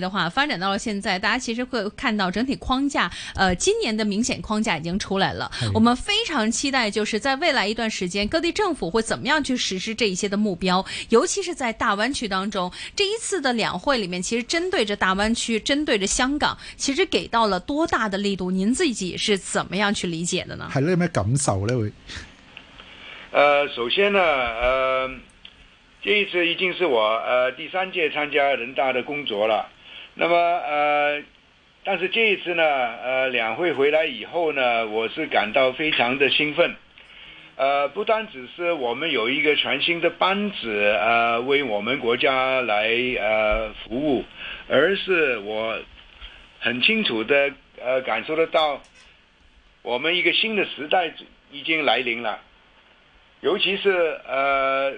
的話，發展到了現在，大家其實會看到整體框架。呃，今年的明顯框架已經出來了。是我們非常期待，就是在未來一段時間，各地政府會怎麼樣去實施這一些的目標，尤其是在大灣區當中。這一次的兩會裏面，其實針對着大灣區，針對着香港，其實給到了多大的力度？您自己是怎麼樣去理解的呢？有咩感受呢？會？呃，首先呢，呃，這一次已經是我呃第三屆參加人大的工作了。那麼呃，但是這一次呢，呃，兩會回來以後呢，我是感到非常的興奮，呃，不單只是我們有一個全新的班子呃為我們國家來呃服務，而是我很清楚的呃感受得到，我們一個新的時代已經來臨了，尤其是呃，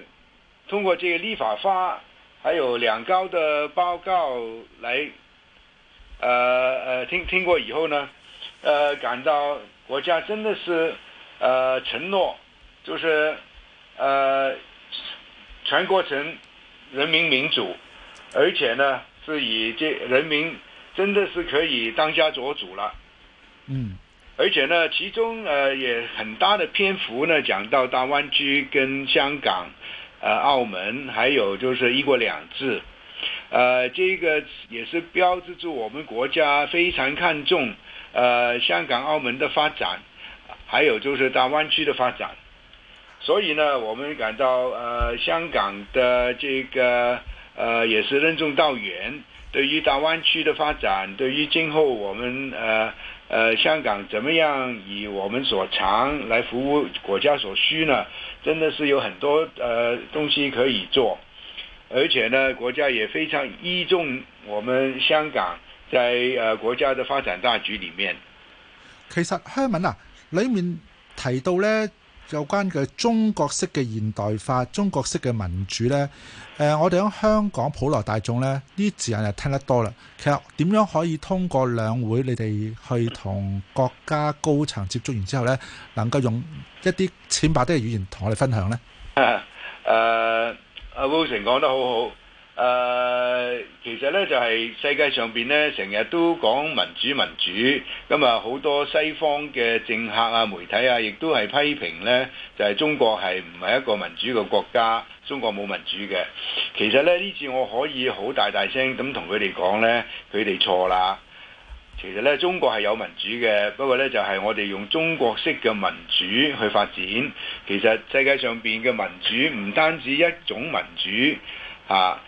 通過這個立法法還有兩高的報告來，呃呃，聽聽過以後呢，呃，感到國家真的是，呃，承諾就是，呃，全過程人民民主，而且呢，是以這人民真的是可以當家作主了，嗯，而且呢，其中呃，也很大的篇幅呢，講到大灣區跟香港。呃，澳門還有就是“一國兩制”，呃，這個也是標誌着我們國家非常看重呃香港、澳門的發展，還有就是大灣區的發展。所以呢，我們感到呃香港的這個呃也是任重道遠，對於大灣區的發展，對於今後我們呃。呃，香港怎麼樣以我們所長來服務國家所需呢？真的是有很多呃東西可以做，而且呢，國家也非常倚重我們香港在呃國家的發展大局裏面。其實香敏啊，裏面提到呢。有關嘅中國式嘅現代化、中國式嘅民主咧，誒、呃，我哋喺香港普羅大眾咧，呢啲字眼就聽得多啦。其實點樣可以通過兩會，你哋去同國家高層接觸完之後咧，能夠用一啲淺白啲嘅語言同我哋分享咧？誒，阿 Wilson 講得好好。呃，其實呢，就係世界上邊呢，成日都講民主民主，咁啊好多西方嘅政客啊、媒體啊，亦都係批評呢，就係、是、中國係唔係一個民主嘅國家，中國冇民主嘅。其實呢，呢次我可以好大大聲咁同佢哋講呢，佢哋錯啦。其實呢，中國係有民主嘅，不過呢，就係、是、我哋用中國式嘅民主去發展。其實世界上邊嘅民主唔單止一種民主、啊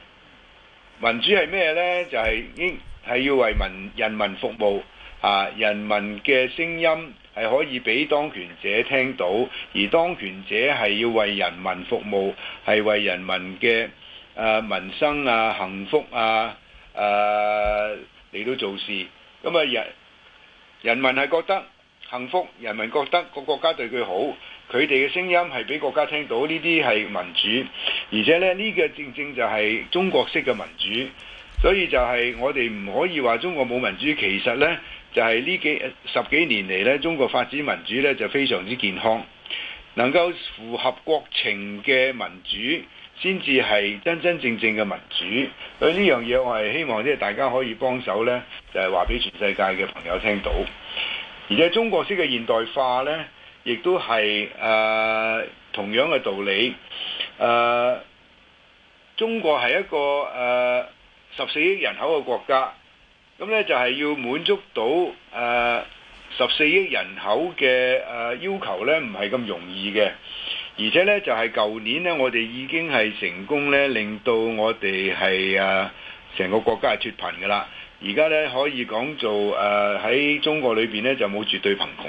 民主係咩呢？就係、應係、要為民人民服務啊！人民嘅聲音係可以俾當權者聽到，而當權者係要為人民服務，係為人民嘅、呃、民生啊、幸福啊誒嚟到做事。咁、嗯、啊人人民係覺得幸福，人民覺得個國家對佢好。佢哋嘅聲音係俾國家聽到，呢啲係民主，而且呢，呢個正正就係中國式嘅民主，所以就係我哋唔可以話中國冇民主。其實呢，就係、是、呢幾十幾年嚟，中國發展民主呢就非常之健康，能夠符合國情嘅民主先至係真真正正嘅民主。所以呢樣嘢我係希望即係大家可以幫手呢，就係話俾全世界嘅朋友聽到，而且中國式嘅現代化呢。亦都係誒、啊、同樣嘅道理誒、啊，中國係一個誒十四億人口嘅國家，咁呢就係要滿足到誒十四億人口嘅誒、啊、要求呢唔係咁容易嘅，而且呢就係、是、舊年呢，我哋已經係成功呢令到我哋係誒成個國家係脫貧噶啦，而家呢，可以講做誒喺、啊、中國裏邊呢，就冇絕對貧窮。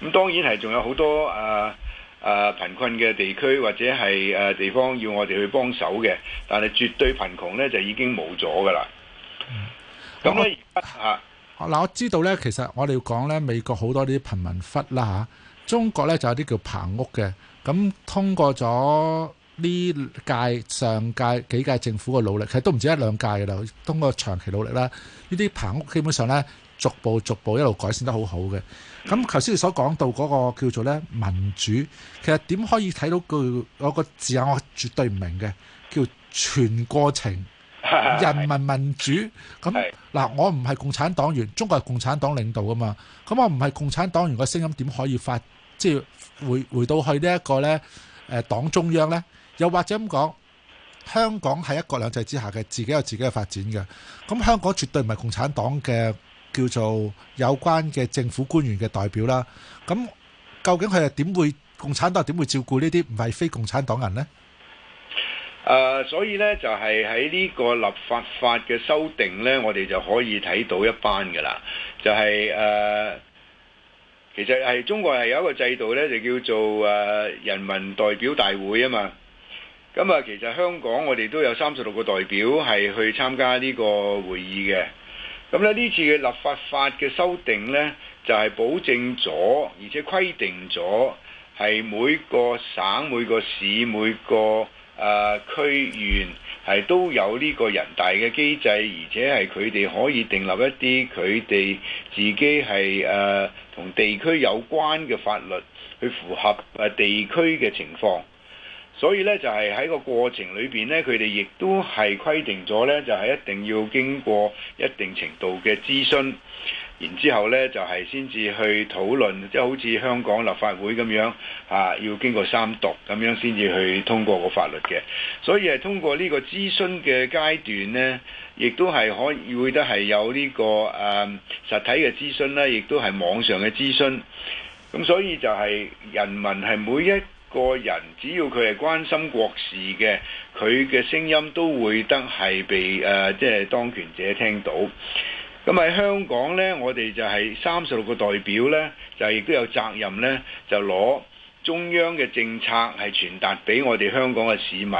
咁當然係，仲有好多誒誒貧困嘅地區或者係誒、啊、地方要我哋去幫手嘅，但係絕對貧窮咧就已經冇咗噶啦。咁咧嚇嗱，我知道咧，其實我哋要講咧美國好多呢啲貧民窟啦嚇、啊，中國咧就有啲叫棚屋嘅。咁、啊、通過咗呢屆上屆幾屆政府嘅努力，其實都唔止一兩屆噶啦，通過長期努力啦，呢啲棚屋基本上咧逐步逐步一路改善得好好嘅。咁頭先你所講到嗰個叫做咧民主，其實點可以睇到佢嗰個字眼？我絕對唔明嘅，叫全過程人民民主。咁嗱，我唔係共產黨員，中國係共產黨領導啊嘛。咁我唔係共產黨員嘅聲音點可以發？即係回回到去呢一個咧，誒黨中央咧，又或者咁講，香港係一國兩制之下嘅，自己有自己嘅發展嘅。咁香港絕對唔係共產黨嘅。叫做有關嘅政府官員嘅代表啦，咁究竟佢係點會共產黨點會照顧呢啲唔係非共產黨人呢？誒，所以呢就係喺呢個立法法嘅修訂呢，我哋就可以睇到一班㗎喇，就係誒，其實係中國係有一個制度呢，就叫做誒人民代表大會啊嘛。咁啊，其實香港我哋都有三十六個代表係去參加呢個會議嘅。咁咧呢次嘅立法法嘅修訂呢，就係、是、保證咗，而且規定咗係每個省、每個市、每個呃、區縣係都有呢個人大嘅機制，而且係佢哋可以訂立一啲佢哋自己係呃、同地區有關嘅法律，去符合呃、地區嘅情況。所以咧就係喺個過程裏面咧，佢哋亦都係規定咗咧，就係一定要經過一定程度嘅諮詢，然之後咧就係先至去討論，即係好似香港立法會咁樣啊，要經過三讀咁樣先至去通過個法律嘅。所以係通過呢個諮詢嘅階段咧，亦都係可以會得係有呢個誒實體嘅諮詢啦，亦都係網上嘅諮詢。咁所以就係人民係每一個人只要佢係關心國事嘅，佢嘅聲音都會得係被誒即係當權者聽到。咁喺香港呢，我哋就係三十六個代表呢，就亦都有責任呢，就攞中央嘅政策係傳達俾我哋香港嘅市民，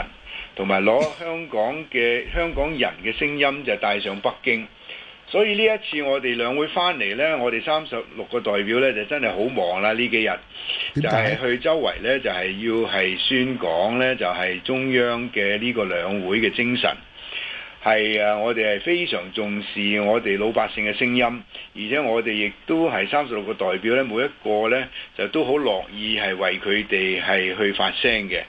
同埋攞香港嘅香港人嘅聲音就帶上北京。所以呢一次我哋兩會翻嚟咧，我哋三十六個代表咧就真係好忙啦呢幾日，就係去周圍咧就係要係宣講咧就係中央嘅呢個兩會嘅精神，係啊我哋係非常重視我哋老百姓嘅聲音，而且我哋亦都係三十六個代表咧，每一個咧就都好樂意係為佢哋係去發聲嘅，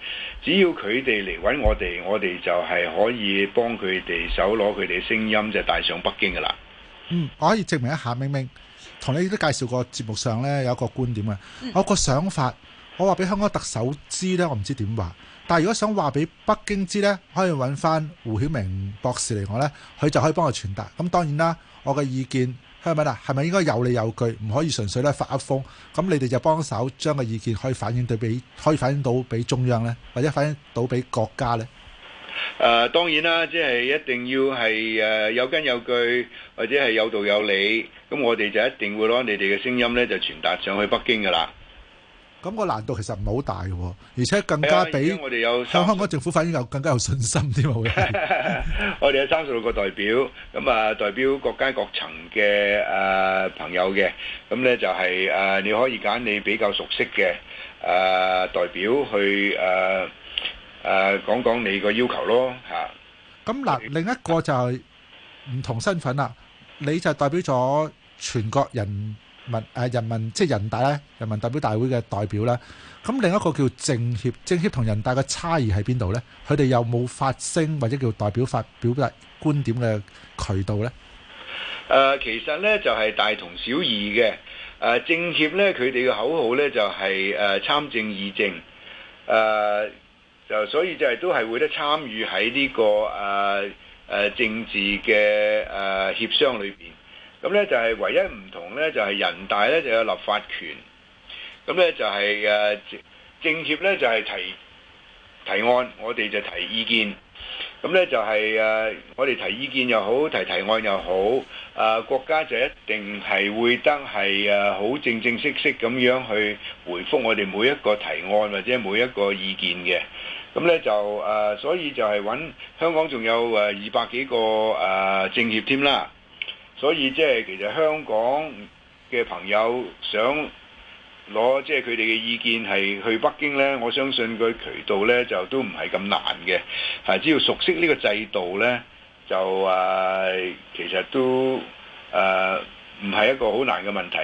只要佢哋嚟揾我哋，我哋就係可以幫佢哋手攞佢哋聲音就帶上北京噶啦。嗯，我可以證明一下，明明同你都介紹過節目上呢，有一個觀點嘅，我個想法，我話俾香港特首知呢，我唔知點話，但係如果想話俾北京知呢，可以揾翻胡曉明博士嚟講呢，佢就可以幫我傳達。咁當然啦，我嘅意見係咪啦？係咪應該有理有據，唔可以純粹咧發噏風？咁你哋就幫手將個意見可以反映到俾，可以反映到俾中央呢，或者反映到俾國家呢。誒，當然啦，即係一定要係誒有根有據，或者係有道有理，咁我哋就一定會攞你哋嘅聲音咧，就傳達上去北京噶啦。咁個難度其實唔係好大，而且更加比向香港政府反映有更加有信心啲咯。我哋有三十六個代表，咁啊代表國家各層嘅誒朋友嘅，咁咧就係誒你可以揀你比較熟悉嘅誒代表去誒。講講你個要求咯吓，咁、啊、嗱、嗯，另一個就係唔同身份啦。你就代表咗全國人民誒、啊，人民即係人大咧，人民代表大會嘅代表啦。咁另一個叫政協，政協同人大嘅差異喺邊度呢？佢哋有冇發聲或者叫代表發表達觀點嘅渠道呢？誒、呃，其實呢，就係、是、大同小異嘅。誒、呃，政協呢，佢哋嘅口號呢，就係誒參政議政。誒、呃。就所以就係都係會咧參與喺呢、這個啊誒、啊、政治嘅誒、啊、協商裏邊。咁咧就係唯一唔同咧，就係、是、人大咧就有立法權。咁咧就係、是、誒、啊、政協咧就係、是、提提案，我哋就提意見。咁咧就係、是、誒、啊、我哋提意見又好，提提案又好。啊國家就一定係會得係誒好正正式式咁樣去回覆我哋每一個提案或者每一個意見嘅。咁咧就誒，所以就係揾香港仲有誒二百幾個誒、啊、政協添啦，所以即係其實香港嘅朋友想攞即係佢哋嘅意見係去北京咧，我相信佢渠道咧就都唔係咁難嘅，係只要熟悉呢個制度咧，就誒、啊、其實都誒。啊唔係一個好難嘅問題。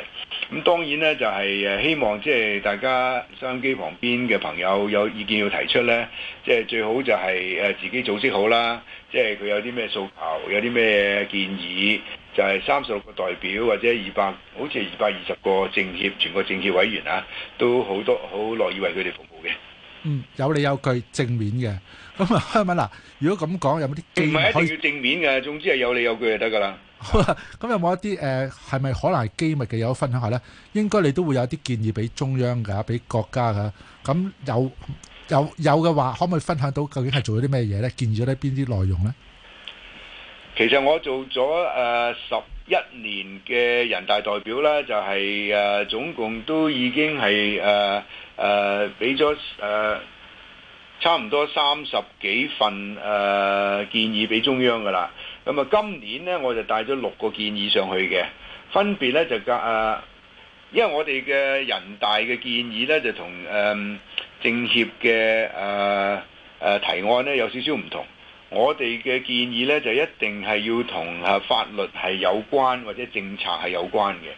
咁當然呢，就係誒希望即係大家收音機旁邊嘅朋友有意見要提出呢，即係最好就係誒自己組織好啦。即係佢有啲咩訴求，有啲咩建議，就係三十六個代表或者二百，好似二百二十個政協，全國政協委員啊，都好多好樂意為佢哋服務嘅。嗯，有理有據，正面嘅。咁啊，係咪嗱？如果咁講，有冇啲唔係一定要正面嘅？總之係有理有據就得㗎喇。咁有冇一啲誒係咪可能係機密嘅？有分享下呢，應該你都會有啲建議俾中央㗎，俾國家㗎。咁有有有嘅話，可唔可以分享到究竟係做咗啲咩嘢呢？建議咗啲邊啲內容呢？其實我做咗誒十一年嘅人大代表呢，就係誒總共都已經係誒誒俾咗誒差唔多三十幾份誒建議俾中央㗎啦。咁啊，今年呢，我就帶咗六個建議上去嘅，分別咧就隔啊，因為我哋嘅人大嘅建議咧就同誒政協嘅誒誒提案咧有少少唔同，我哋嘅建議咧就一定係要同啊法律係有關或者政策係有關嘅，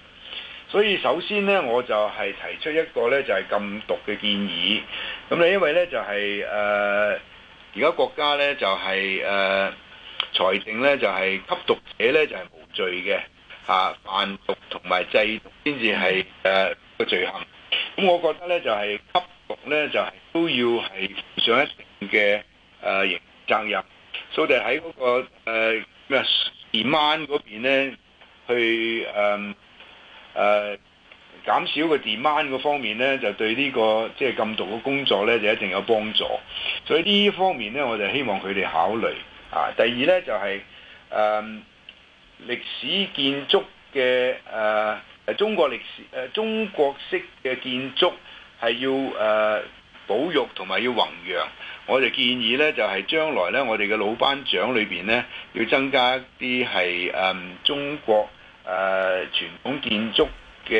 所以首先呢，我就係提出一個咧就係禁毒嘅建議，咁咧因為咧就係誒而家國家咧就係誒。財政咧就係、是、吸毒者咧就係、是、無罪嘅嚇，販、啊、毒同埋製毒先至係誒個罪行。咁我覺得咧就係、是、吸毒咧就係、是、都要係上一成嘅誒刑責任。所以喺嗰、那個誒咩、啊、demand 嗰邊咧，去誒誒、啊啊、減少個 demand 嗰方面咧，就對呢、這個即係、就是、禁毒嘅工作咧就一定有幫助。所以呢方面咧，我就希望佢哋考慮。啊！第二呢，就係、是、誒、嗯、歷史建築嘅誒誒中國歷史誒、啊、中國式嘅建築係要誒、啊、保育同埋要弘揚。我哋建議呢，就係、是、將來呢，我哋嘅老班長裏邊呢，要增加一啲係誒中國誒、啊、傳統建築嘅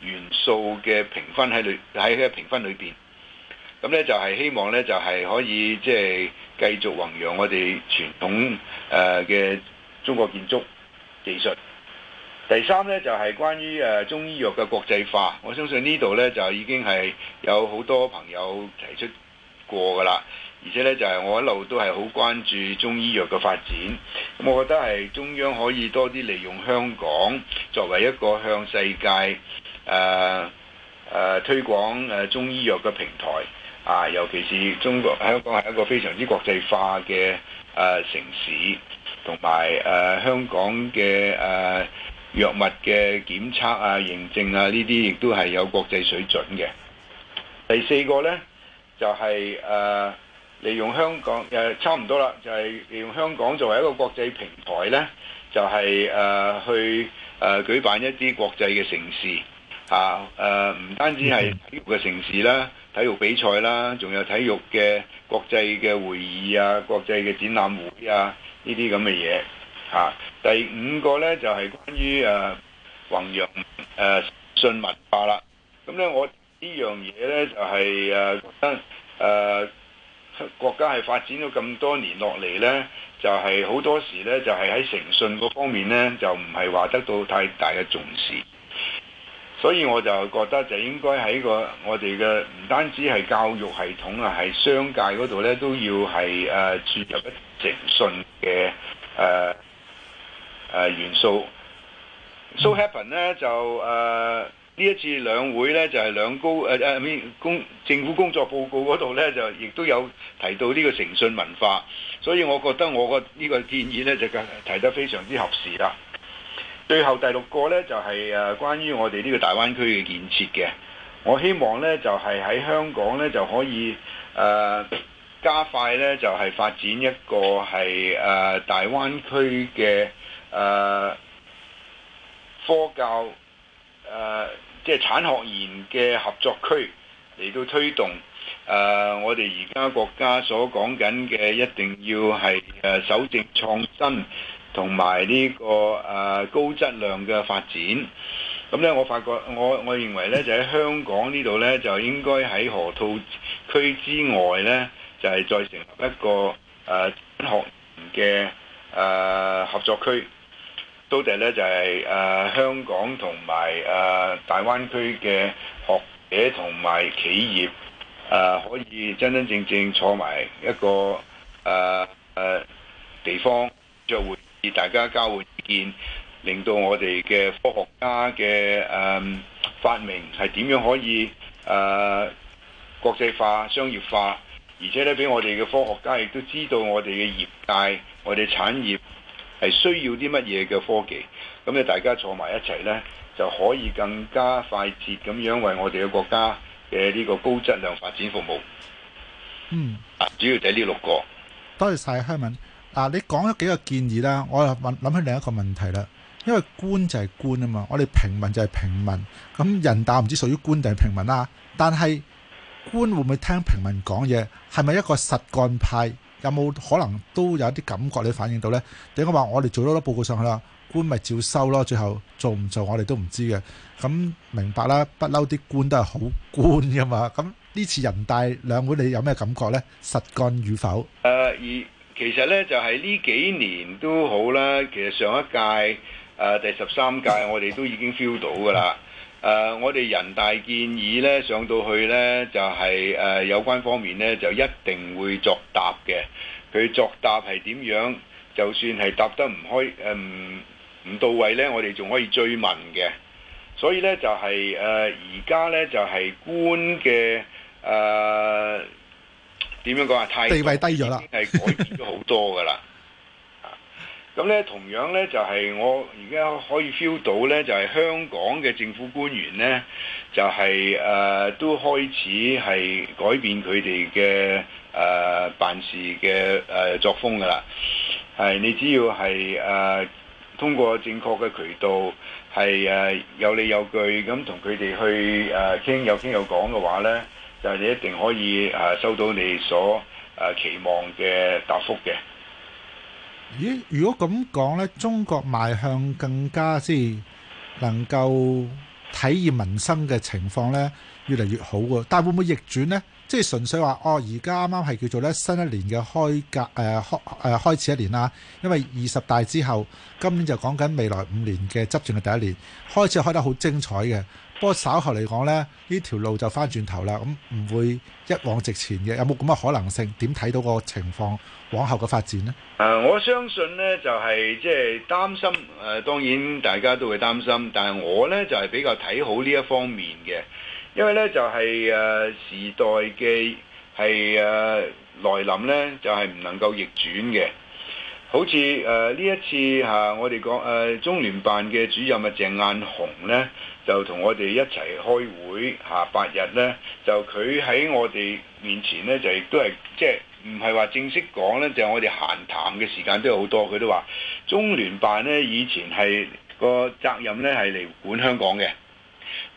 元素嘅評分喺裏喺佢嘅評分裏邊。咁咧就係希望咧，就係可以即係繼續弘揚我哋傳統誒嘅中國建築技術。第三咧就係關於誒中醫藥嘅國際化，我相信呢度咧就已經係有好多朋友提出過㗎喇。而且咧就係我一路都係好關注中醫藥嘅發展。咁我覺得係中央可以多啲利用香港作為一個向世界誒誒推廣誒中醫藥嘅平台。啊，尤其是中國香港係一個非常之國際化嘅誒、啊、城市，同埋誒香港嘅誒、啊、藥物嘅檢測啊、認證啊呢啲，亦都係有國際水準嘅。第四個呢，就係、是、誒、啊、利用香港誒、啊、差唔多啦，就係、是、利用香港作為一個國際平台呢，就係、是、誒、啊、去誒、啊、舉辦一啲國際嘅城市嚇誒，唔、啊啊、單止係呢個城市啦。體育比賽啦，仲有體育嘅國際嘅會議啊，國際嘅展覽會這些東西啊，呢啲咁嘅嘢嚇。第五個呢，就係、是、關於誒、啊、弘揚誒、啊、誠信文化啦。咁呢，我呢樣嘢呢，就係誒覺得誒國家係發展咗咁多年落嚟呢，就係、是、好多時呢，就係喺誠信嗰方面呢，就唔係話得到太大嘅重視。所以我就覺得就應該喺個我哋嘅唔單止係教育系統啊，係商界嗰度咧都要係誒、呃、注入一誠信嘅誒誒元素。So happen 呢，就誒呢一次兩會呢，就係、是、兩高誒誒、呃、公政府工作報告嗰度呢，就亦都有提到呢個誠信文化，所以我覺得我個呢個建議呢，就提得非常之合時啦。最後第六個呢，就係、是、誒關於我哋呢個大灣區嘅建設嘅，我希望呢，就係、是、喺香港呢，就可以誒、呃、加快呢，就係、是、發展一個係誒、呃、大灣區嘅誒、呃、科教誒即係產學研嘅合作區，嚟到推動誒、呃、我哋而家國家所講緊嘅一定要係誒守正創新。同埋呢個、啊、高質量嘅發展，咁咧我發覺，我我認為咧就喺香港呢度咧，就應該喺河套區之外咧，就係、是、再成立一個誒、啊、學嘅、啊、合作區，都底咧就係、是啊、香港同埋、啊、大灣區嘅學者同埋企業、啊、可以真真正正坐埋一個、啊啊、地方著會。大家交換意見，令到我哋嘅科學家嘅誒、嗯、發明係點樣可以誒、呃、國際化、商業化，而且咧俾我哋嘅科學家亦都知道我哋嘅業界、我哋產業係需要啲乜嘢嘅科技，咁咧大家坐埋一齊咧就可以更加快捷咁樣為我哋嘅國家嘅呢個高質量發展服務。嗯，啊，主要就係呢六個。多謝晒，香文。啊！你講咗幾個建議啦，我又諗起另一個問題啦。因為官就係官啊嘛，我哋平民就係平民。咁人大唔知屬於官定係平民啦。但係官會唔會聽平民講嘢？係咪一個實幹派？有冇可能都有啲感覺你反映到呢？點解話？我哋做咗都報告上去啦，官咪照收咯。最後做唔做我，我哋都唔知嘅。咁明白啦。不嬲啲官都係好官啊嘛。咁呢次人大兩會，你有咩感覺呢？實幹與否？誒、uh, e，其實呢，就係、是、呢幾年都好啦，其實上一屆、呃、第十三屆我哋都已經 feel 到㗎啦、呃。我哋人大建議呢，上到去呢，就係、呃、有關方面呢，就一定會作答嘅。佢作答係點樣？就算係答得唔開、呃、唔唔到位呢，我哋仲可以追問嘅。所以呢，就係而家呢，就係、呃、官嘅點樣講啊？地位低咗啦，係改變咗好多噶啦。咁咧，同樣咧就係、是、我而家可以 feel 到咧，就係、是、香港嘅政府官員咧，就係、是、誒、呃、都開始係改變佢哋嘅誒辦事嘅誒、呃、作風噶啦。係你只要係誒、呃、通過正確嘅渠道，係誒、呃、有理有據咁同佢哋去誒傾、呃、有傾有，有講嘅話咧。就係你一定可以收到你所期望嘅答覆嘅。咦？如果咁講咧，中國邁向更加即係能夠體現民生嘅情況咧，越嚟越好喎。但係會唔會逆轉咧？即係純粹話哦，而家啱啱係叫做咧新一年嘅開革誒、呃、開誒、呃、開始一年啦。因為二十大之後，今年就講緊未來五年嘅執政嘅第一年，開始開得好精彩嘅。不過稍後嚟講呢，呢條路就返轉頭啦，咁唔會一往直前嘅。有冇咁嘅可能性？點睇到個情況，往後嘅發展呢？誒、啊，我相信呢，就係即係擔心誒、呃，當然大家都會擔心，但係我呢，就係、是、比較睇好呢一方面嘅，因為呢，就係、是、誒、啊、時代嘅係誒來臨呢，就係、是、唔能夠逆轉嘅。好似誒呢一次嚇、啊，我哋講誒中聯辦嘅主任啊鄭雁雄呢，就同我哋一齊開會嚇、啊、八日呢，就佢喺我哋面前呢，就亦都係即係唔係話正式講呢，就係、是、我哋閒談嘅時間都有好多。佢都話中聯辦呢，以前係個責任呢係嚟管香港嘅，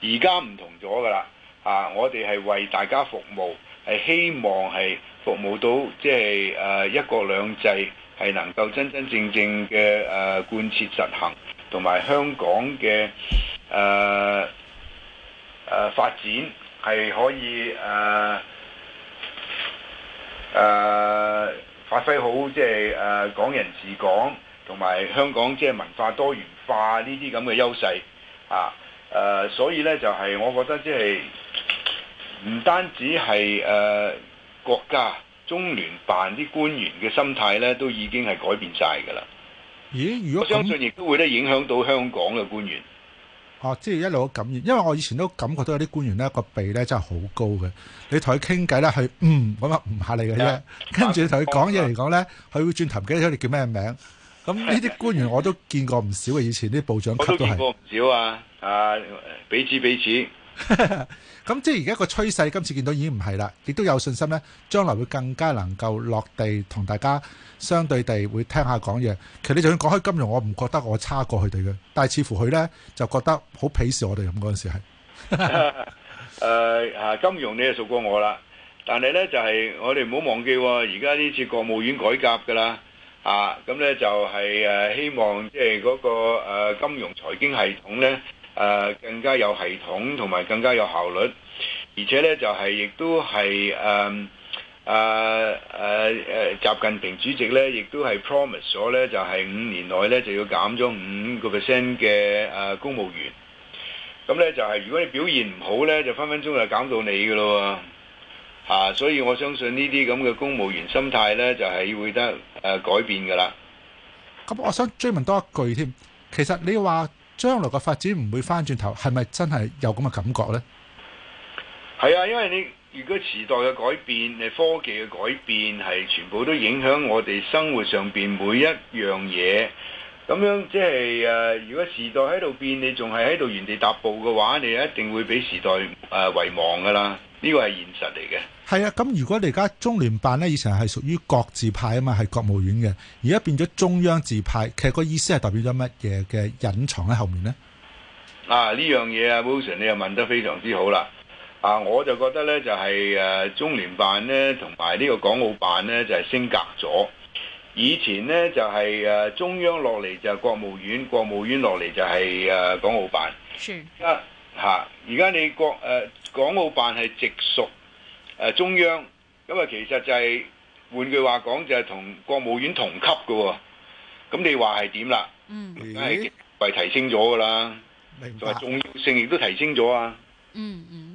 而家唔同咗噶啦嚇。我哋係為大家服務，係希望係服務到即係誒一國兩制。係能夠真真正正嘅誒貫徹實行，同埋香港嘅誒誒發展係可以誒誒、呃呃、發揮好，即係誒港人治港，同埋香港即係文化多元化呢啲咁嘅優勢啊！誒、呃，所以咧就係我覺得即係唔單止係誒、呃、國家。中聯辦啲官員嘅心態咧，都已經係改變晒噶啦。咦？如果我相信亦都會咧影響到香港嘅官員。哦、啊，即係一路感染，因為我以前都感覺到有啲官員咧個鼻咧真係好高嘅。你同佢傾偈咧，佢嗯咁唔下嚟嘅啫。的跟住你同佢講嘢嚟講咧，佢、啊、會轉頭記得你叫咩名？咁呢啲官員我都見過唔少嘅，以前啲部長級都係。都見過唔少啊啊！彼此彼此。咁 即係而家個趨勢，今次見到已經唔係啦，亦都有信心咧，將來會更加能夠落地，同大家相對地會聽下講嘢。其實你就算講開金融，我唔覺得我差過佢哋嘅，但係似乎佢咧就覺得好鄙視我哋咁嗰陣時係。誒 啊，啊，金融你係熟過我啦，但係咧就係、是、我哋唔好忘記、哦，而家呢次國務院改革噶啦啊，咁咧就係、是、誒希望即係嗰個誒、啊、金融財經系統咧。誒、呃，更加有系統同埋更加有效率，而且呢，就係亦都係誒誒誒誒，習近平主席呢亦都係 promise 咗呢，就係五年內呢，就要減咗五個 percent 嘅誒公務員。咁呢，就係如果你表現唔好呢，就分分鐘就減到你噶咯。吓、啊，所以我相信呢啲咁嘅公務員心態呢，就係會得誒改變噶啦。咁我想追問多一句添，其實你話，將來嘅發展唔會翻轉頭，係咪真係有咁嘅感覺呢？係啊，因為你如果時代嘅改變、你科技嘅改變，係全部都影響我哋生活上面每一樣嘢。咁樣即係誒、呃，如果時代喺度變，你仲係喺度原地踏步嘅話，你一定會俾時代誒遺、呃、忘噶啦。呢、這個係現實嚟嘅。係啊，咁如果你而家中聯辦呢，以前係屬於國字派啊嘛，係國務院嘅，而家變咗中央字派，其實個意思係代表咗乜嘢嘅隱藏喺後面呢？啊，呢樣嘢啊，Wilson，你又問得非常之好啦。啊，我就覺得呢，就係、是、誒、呃、中聯辦呢，同埋呢個港澳辦呢，就係、是、升格咗。以前咧就係、是、中央落嚟就係國務院，國務院落嚟就係港澳辦。是。而家而家你國誒、呃、港澳辦係直屬、呃、中央，因為其實就係、是、換句話講就係、是、同國務院同級嘅喎、哦。咁你話係點啦？嗯。梗係提升咗㗎啦。明白。重要性亦都提升咗啊。嗯嗯。